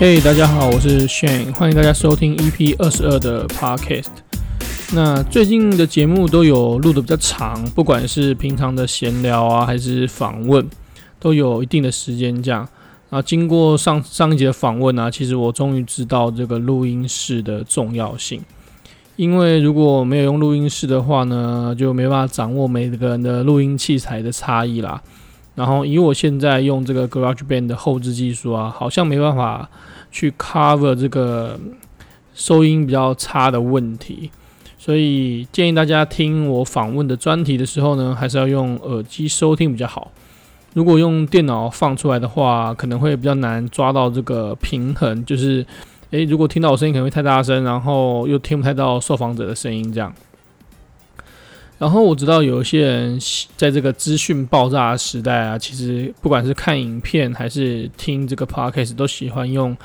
嘿，hey, 大家好，我是 Shane，歡迎大家收聽 EP 二十二的 podcast。那最近的節目都有錄得比較長，不管是平常的閒聊啊，還是訪問，都有一定的時間這樣啊，經過上上一集的訪問啊，其實我終於知道這個錄音室的重要性。因為如果沒有用錄音室的話呢，就沒辦法掌握每個人的錄音器材的差異啦。然後以我現在用這個 GarageBand 的後製技術啊，好像沒辦法。去 cover 這個收音比較差的問題，所以建議大家聽我訪問的專題的時候呢，還是要用耳機收聽比較好。如果用電腦放出來的話，可能會比較難抓到這個平衡，就是，誒，如果聽到我聲音可能會太大聲，然後又聽不太到受訪者的聲音這樣。然後我知道有一些人在這個資訊爆炸的時代啊，其實不管是看影片還是聽這個 Podcast，都喜歡用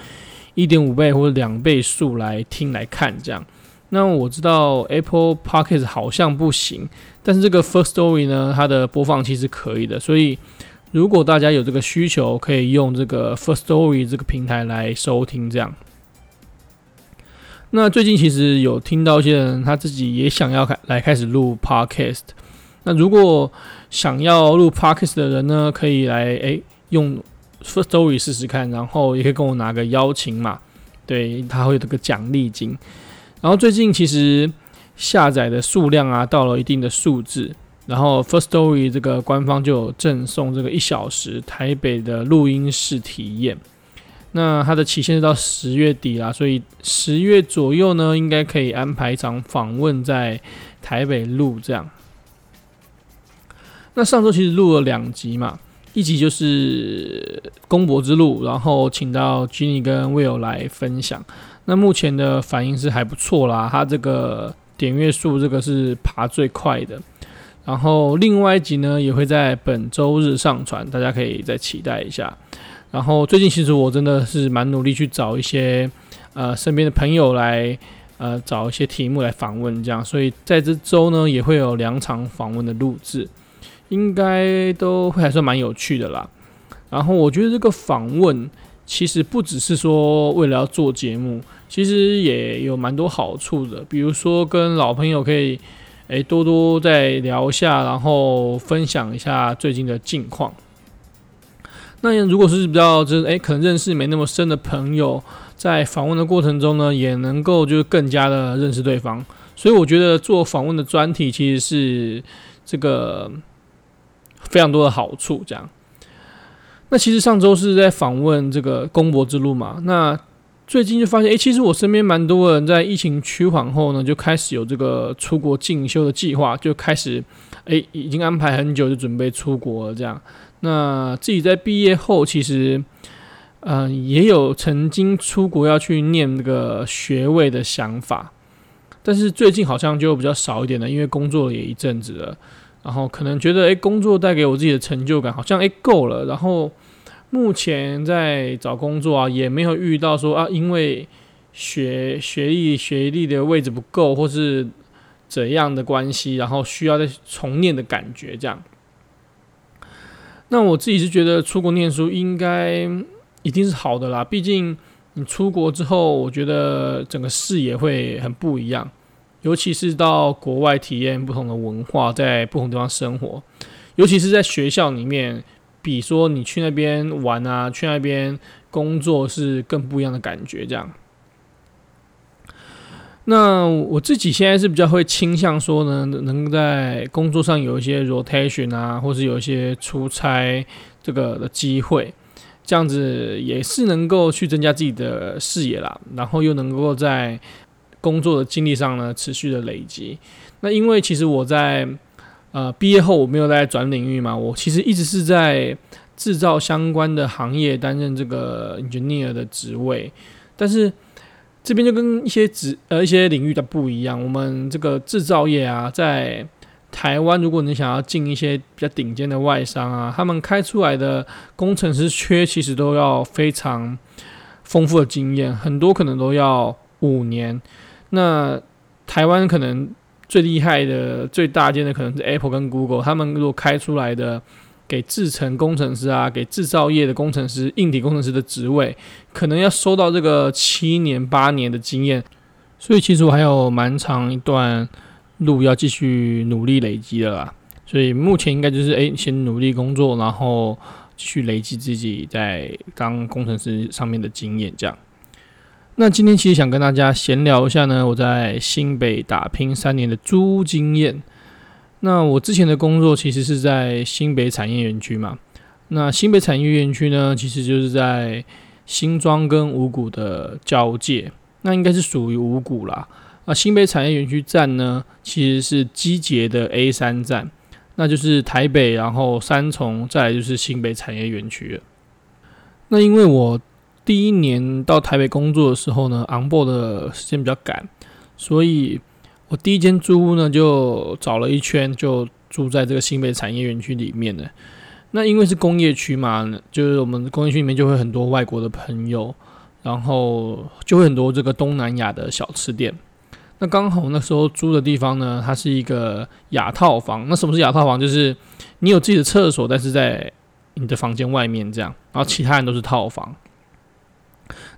一點五倍或者兩倍速來聽來看這樣。那我知道 Apple Podcast 好像不行，但是這個 Firstory 呢，它的播放器是可以的。所以如果大家有這個需求，可以用這個 Firstory 這個平台來收聽這樣。那最近其實有聽到一些人，他自己也想要開來開始錄 podcast。那如果想要錄 podcast 的人呢，可以來誒用 First Story 試試看，然後也可以跟我拿個邀請碼，對，他會有這個獎勵金。然後最近其實下載的數量啊到了一定的數字，然後 First Story 這個官方就有贈送這個一小時台北的錄音室體驗。那它的期限是到十月底啦，所以十月左右呢，應該可以安排一場訪問在台北錄這樣。那上周其實錄了兩集嘛，一集就是公博之路，然後請到 Jenny 跟 Will 來分享。那目前的反應是還不錯啦，它這個點閱數這個是爬最快的。然後另外一集呢，也會在本周日上傳，大家可以再期待一下。然後最近其實我真的是蠻努力去找一些呃身邊的朋友來呃找一些題目來訪問，這樣。所以在這周呢，也會有兩場訪問的錄制，應該都會還算蠻有趣的啦。然後我覺得這個訪問其實不只是說為了要做節目，其實也有蠻多好處的，比如說跟老朋友可以。誒，多多再聊一下，然後分享一下最近的近況。那如果是比較，就是誒，可能認識沒那麼深的朋友，在訪問的過程中呢，也能夠就是更加的認識對方。所以我覺得做訪問的專題其實是這個非常多的好處。這樣，那其實上週是在訪問這個公博之路嘛，那。最近就發現，誒、欸，其實我身邊蠻多人在疫情趨緩後呢，就開始有這個出國進修的計劃，就開始，誒、欸，已經安排很久就準備出國了。這樣，那自己在畢業後，其實，嗯、呃，也有曾經出國要去念那個學位的想法，但是最近好像就比較少一點了，因為工作也一陣子了，然後可能覺得，誒、欸，工作帶給我自己的成就感好像誒，夠了，然後。目前在找工作啊，也沒有遇到說啊，因為學學歷學歷的位置不夠，或是怎樣的關係，然後需要再重念的感覺這樣。那我自己是覺得出國念書應該一定是好的啦，畢竟你出國之後，我覺得整個視野會很不一樣，尤其是到國外體驗不同的文化，在不同地方生活，尤其是在學校裡面。比如說你去那邊玩啊，去那邊工作是更不一樣的感覺，這樣。那我自己現在是比較會傾向說呢，能在工作上有一些 rotation 啊，或是有一些出差這個的機會，這樣子也是能夠去增加自己的視野啦，然後又能夠在工作的經歷上呢，持續的累積。那因為其實我在。呃，畢業後我沒有再轉領域嘛，我其實一直是在製造相關的行業擔任這個 engineer 的職位，但是這邊就跟一些職呃一些領域的不一樣，我們這個製造業啊，在台灣，如果你想要進一些比較頂尖的外商啊，他們開出來的工程師缺，其實都要非常豐富的經驗，很多可能都要五年，那台灣可能。最厲害的、最大件的可能是 Apple 跟 Google，他們如果開出來的給製程工程師啊、給製造業的工程師、硬體工程師的職位，可能要收到這個七年八年的經驗。所以其實我還有蠻長一段路要繼續努力累積的啦。所以目前應該就是誒、欸、先努力工作，然後繼續累積自己在當工程師上面的經驗這樣。那今天其實想跟大家閒聊一下呢，我在新北打拼三年的租屋經驗。那我之前的工作其實是在新北產業園區嘛。那新北產業園區呢，其實就是在新莊跟五股的交界，那應該是屬於五股啦。那新北產業園區站呢，其實是機捷的 A 三站，那就是台北，然後三重，再來就是新北產業園區了。那因為我。第一年到台北工作的時候呢，onboard 的時間比較趕，所以我第一間租屋呢就找了一圈，就住在這個新北產業園區裡面的。那因為是工業區嘛，就是我們工業區裡面就會很多外國的朋友，然後就會很多這個東南亞的小吃店。那剛好那時候租的地方呢，它是一個雅套房。那什麼是雅套房？就是你有自己的廁所，但是在你的房間外面這樣，然後其他人都是套房。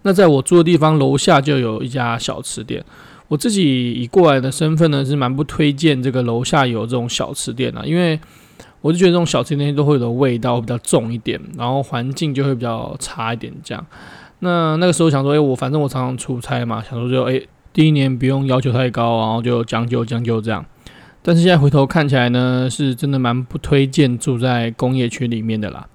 那在我住的地方樓下就有一家小吃店，我自己以過來的身份呢，是蠻不推薦這個樓下有這種小吃店的、啊，因為我就覺得這種小吃店都會有的味道比較重一點，然後環境就會比較差一點這樣。那那個時候想說，誒，我反正我常常出差嘛，想說就誒、哎，第一年不用要求太高，然後就將就將就這樣。但是現在回頭看起來呢，是真的蠻不推薦住在工業區裡面的啦。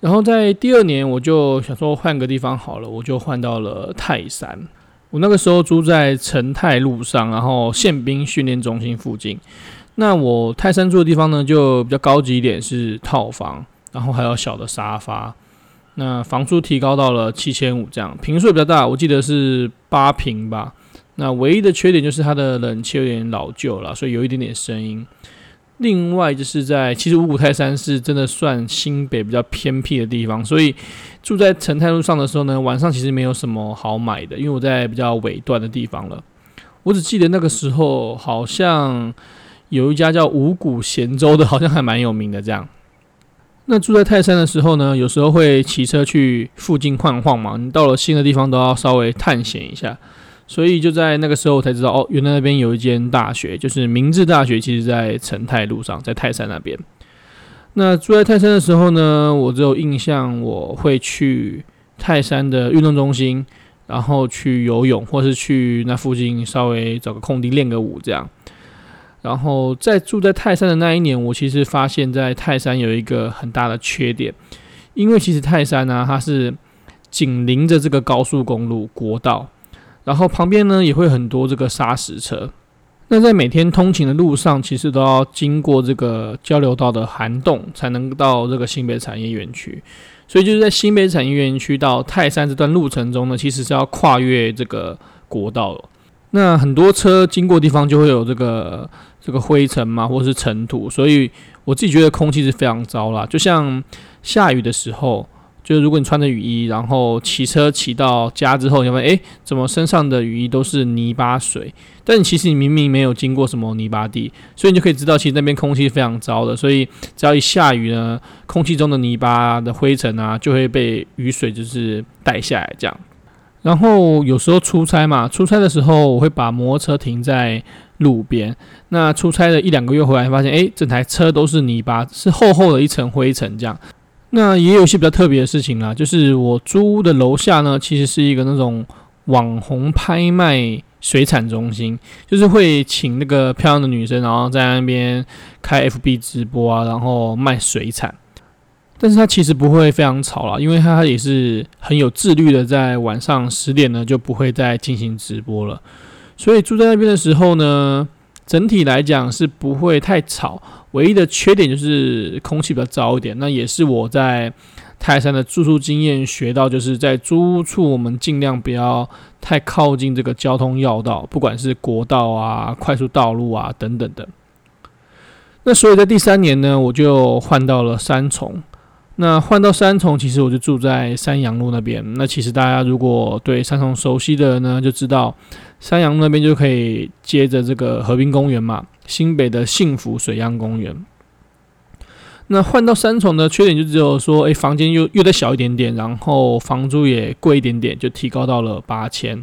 然後在第二年，我就想說換個地方好了，我就換到了泰山。我那個時候住在成泰路上，然後憲兵訓練中心附近。那我泰山住的地方呢，就比較高級一點，是套房，然後還有小的沙發。那房租提高到了七千五這樣，坪數比較大，我記得是八坪吧。那唯一的缺點就是它的冷氣有點老舊了，所以有一點點聲音。另外就是在其實五股泰山是真的算新北比較偏僻的地方，所以住在成泰路上的時候呢，晚上其實沒有什麼好買的，因為我在比較尾段的地方了。我只記得那個時候好像有一家叫五股鹹粥的，好像還蠻有名的這樣。那住在泰山的時候呢，有時候會騎車去附近晃晃嘛。你到了新的地方都要稍微探險一下。所以就在那個時候我才知道哦，原來那邊有一間大學，就是明治大學，其實，在成泰路上，在泰山那邊。那住在泰山的時候呢，我只有印象我會去泰山的運動中心，然後去游泳，或是去那附近稍微找個空地練個舞這樣。然後在住在泰山的那一年，我其實發現，在泰山有一個很大的缺點，因為其實泰山呢、啊，它是緊鄰着這個高速公路國道。然後旁邊呢也會很多這個砂石車，那在每天通勤的路上，其實都要經過這個交流道的涵洞，才能到這個新北產業園區。所以就是在新北產業園區到泰山這段路程中呢，其實是要跨越這個國道。那很多車經過地方就會有這個這個灰塵嘛，或者是塵土，所以我自己覺得空氣是非常糟啦。就像下雨的時候。就是如果你穿着雨衣，然後騎車騎到家之後，你會發現，欸，怎麼身上的雨衣都是泥巴水？但其實你明明沒有經過什麼泥巴地，所以你就可以知道，其實那邊空氣非常糟的。所以只要一下雨呢，空氣中的泥巴的灰塵啊，就會被雨水就是帶下來這樣。然後有時候出差嘛，出差的時候我會把摩托車停在路邊。那出差了一兩個月回來，發現誒、欸，整台車都是泥巴，是厚厚的一層灰塵這樣。那也有一些比較特別的事情啦，就是我租屋的樓下呢，其實是一個那種網紅拍賣水產中心，就是會請那個漂亮的女生，然後在那邊開 FB 直播啊，然後賣水產。但是它其實不會非常吵啦，因為它也是很有自律的，在晚上十點呢就不會再進行直播了。所以住在那邊的時候呢，整體來講是不會太吵。唯一的缺點就是空氣比較糟一點，那也是我在泰山的住宿經驗學到，就是在租屋處我們儘量不要太靠近這個交通要道，不管是國道啊、快速道路啊等等的。那所以在第三年呢，我就換到了三重。那換到三重，其實我就住在三陽路那邊。那其實大家如果對三重熟悉的人呢，就知道三陽那邊就可以接着這個河濱公園嘛。新北的幸福水漾公園。那換到三重的缺點就只有說，誒、欸，房間又又再小一點點，然後房租也貴一點點，就提高到了八千。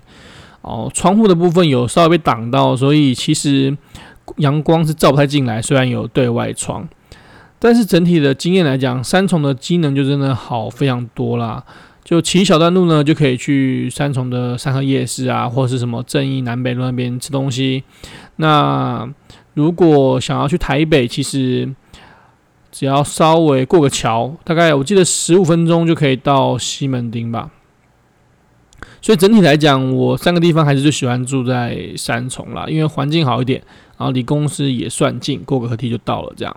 哦，窗戶的部分有稍微被擋到，所以其實陽光是照不太進來。雖然有對外窗，但是整體的經驗來講，三重的機能就真的好非常多啦。就騎小段路呢，就可以去三重的三和夜市啊，或是什麼正義南北路那邊吃東西。那如果想要去台北，其實只要稍微過個橋，大概我記得十五分鐘就可以到西門町吧。所以整體來講，我三個地方還是最喜歡住在三重啦，因為環境好一點，然後離公司也算近，過個河堤就到了。這樣，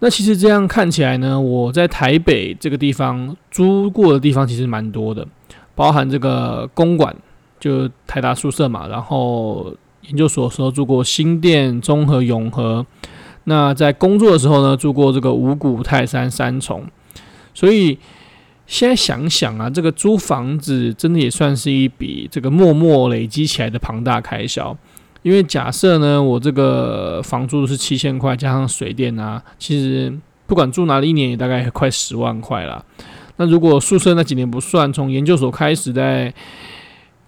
那其實這樣看起來呢，我在台北這個地方租過的地方其實蠻多的，包含這個公館，就台大宿舍嘛，然後。研究所的時候住過新店中和、永和，那在工作的時候呢，住過這個五股、泰山、三重，所以現在想想啊，這個租房子真的也算是一筆這個默默累積起來的龐大的開銷，因為假設呢，我這個房租是七千塊，加上水電啊，其實不管住哪裡一年也大概快十萬塊了，那如果宿舍那幾年不算，從研究所開始在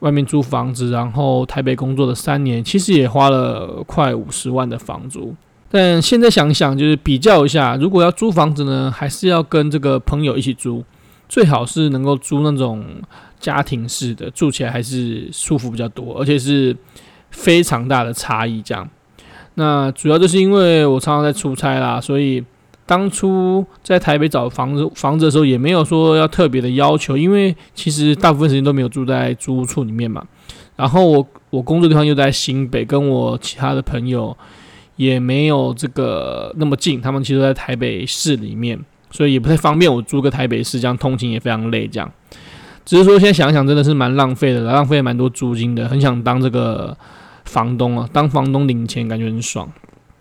外面租房子，然後台北工作了三年，其實也花了快五十萬的房租。但現在想想，就是比較一下，如果要租房子呢，還是要跟這個朋友一起租，最好是能夠租那種家庭式的，住起來還是舒服比較多，而且是非常大的差異。這樣，那主要就是因為我常常在出差啦，所以。當初在台北找房子，房子的時候也沒有說要特別的要求，因為其實大部分時間都沒有住在租屋處裡面嘛。然後我我工作地方又在新北，跟我其他的朋友也沒有這個那麼近，他們其實在台北市裡面，所以也不太方便。我租個台北市這樣通勤也非常累。這樣只是說現在想想真的是蠻浪費的，浪費了蠻多租金的。很想當這個房東啊，當房東領錢感覺很爽。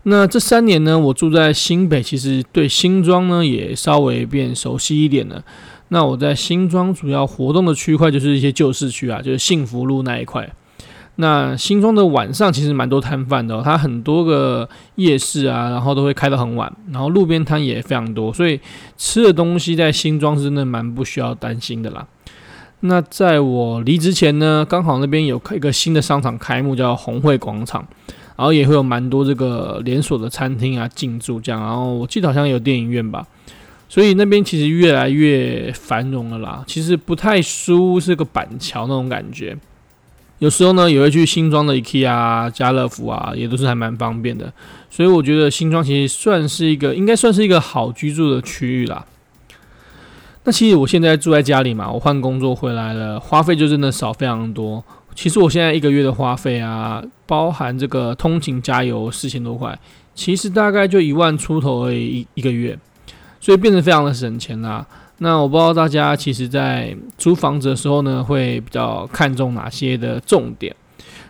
那這三年呢，我住在新北，其實對新莊呢也稍微變熟悉一點了。那我在新莊主要活動的區塊就是一些舊市區啊，就是幸福路那一塊。那新莊的晚上其實蠻多攤販的，哦，它很多個夜市啊，然後都會開到很晚，然後路邊攤也非常多，所以吃的東西在新莊真的蠻不需要擔心的啦。那在我離職之前呢，剛好那邊有一個新的商場開幕，叫宏匯廣場。然後也會有蠻多這個連鎖的餐廳啊，進駐這樣。然後我記得好像有電影院吧，所以那邊其實越來越繁榮了啦。其實不太輸是個板橋那種感覺。有時候呢，也會去新莊的 IKEA 啊、家樂福啊，也都是還蠻方便的。所以我覺得新莊其實算是一個，應該算是一個好居住的區域啦。那其實我現在住在家裡嘛，我換工作回來了，花費就真的少非常多。其實我現在一個月的花費啊，包含這個通勤加油四千多塊，其實大概就一萬出頭而已一一個月，所以變得非常的省錢啦、啊。那我不知道大家其實在租房子的時候呢，會比較看重哪些的重點？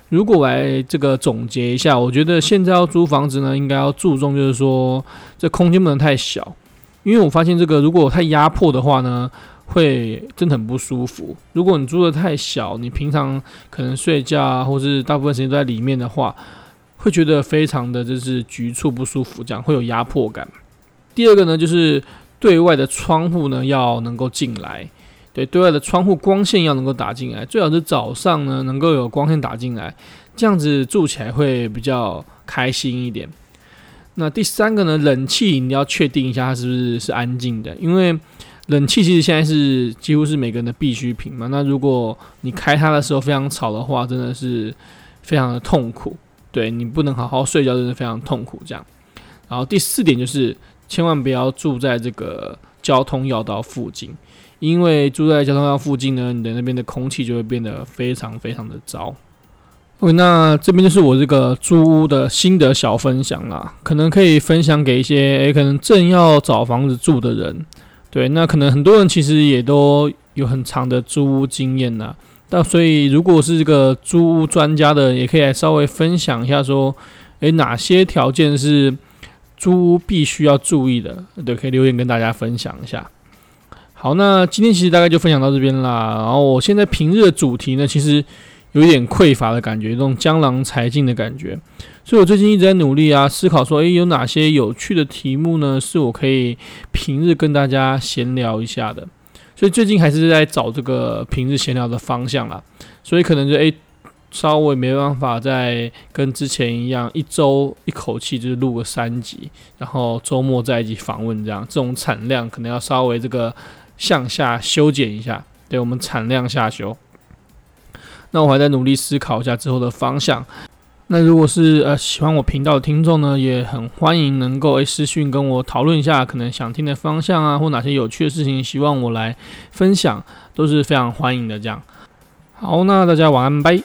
如果我來這個總結一下，我覺得現在要租房子呢，應該要注重就是說，這空間不能太小，因為我發現這個如果太壓迫的話呢。會真的很不舒服。如果你住得太小，你平常可能睡覺或是大部分時間都在裡面的話，會覺得非常的就是局促不舒服，這樣會有壓迫感。第二個呢，就是對外的窗戶呢要能夠進來，對對外的窗戶光線要能夠打進來，最好是早上呢能夠有光線打進來，這樣子住起來會比較開心一點。那第三個呢，冷氣你要確定一下它是不是是安靜的，因為。冷氣其實現在是幾乎是每個人的必需品嘛。那如果你開它的時候非常吵的話，真的是非常的痛苦。對，你不能好好睡覺，真的非常痛苦這樣。然後第四點就是，千萬不要住在這個交通要道附近，因為住在交通要道附近呢，你的那邊的空氣就會變得非常非常的糟。Okay，那這邊就是我這個租屋的新的小分享啊，可能可以分享給一些誒、欸，可能正要找房子住的人。對，那可能很多人其實也都有很長的租屋經驗吶。那所以，如果是這個租屋專家的，也可以來稍微分享一下，說，誒、欸、哪些條件，是租屋必須要注意的。對，可以留言跟大家分享一下。好，那今天其實大概就分享到這邊啦。然後，我現在平日的主題呢，其實。有一點匱乏的感覺，這種江郎才盡的感覺，所以我最近一直在努力啊，思考說，誒，有哪些有趣的題目呢？是我可以平日跟大家閒聊一下的，所以最近還是在找這個平日閒聊的方向啦。所以可能就，誒，稍微沒辦法再跟之前一樣，一周一口氣就是錄個三集，然後周末再一起訪問這樣，這種產量可能要稍微這個向下修剪一下，對，我們產量下修。那我還在努力思考一下之後的方向。那如果是呃喜歡我頻道的聽眾呢，也很歡迎能夠誒、欸、私訊，跟我討論一下，可能想聽的方向啊，或哪些有趣的事情，希望我來分享，都是非常歡迎的。這樣，好，那大家晚安，拜。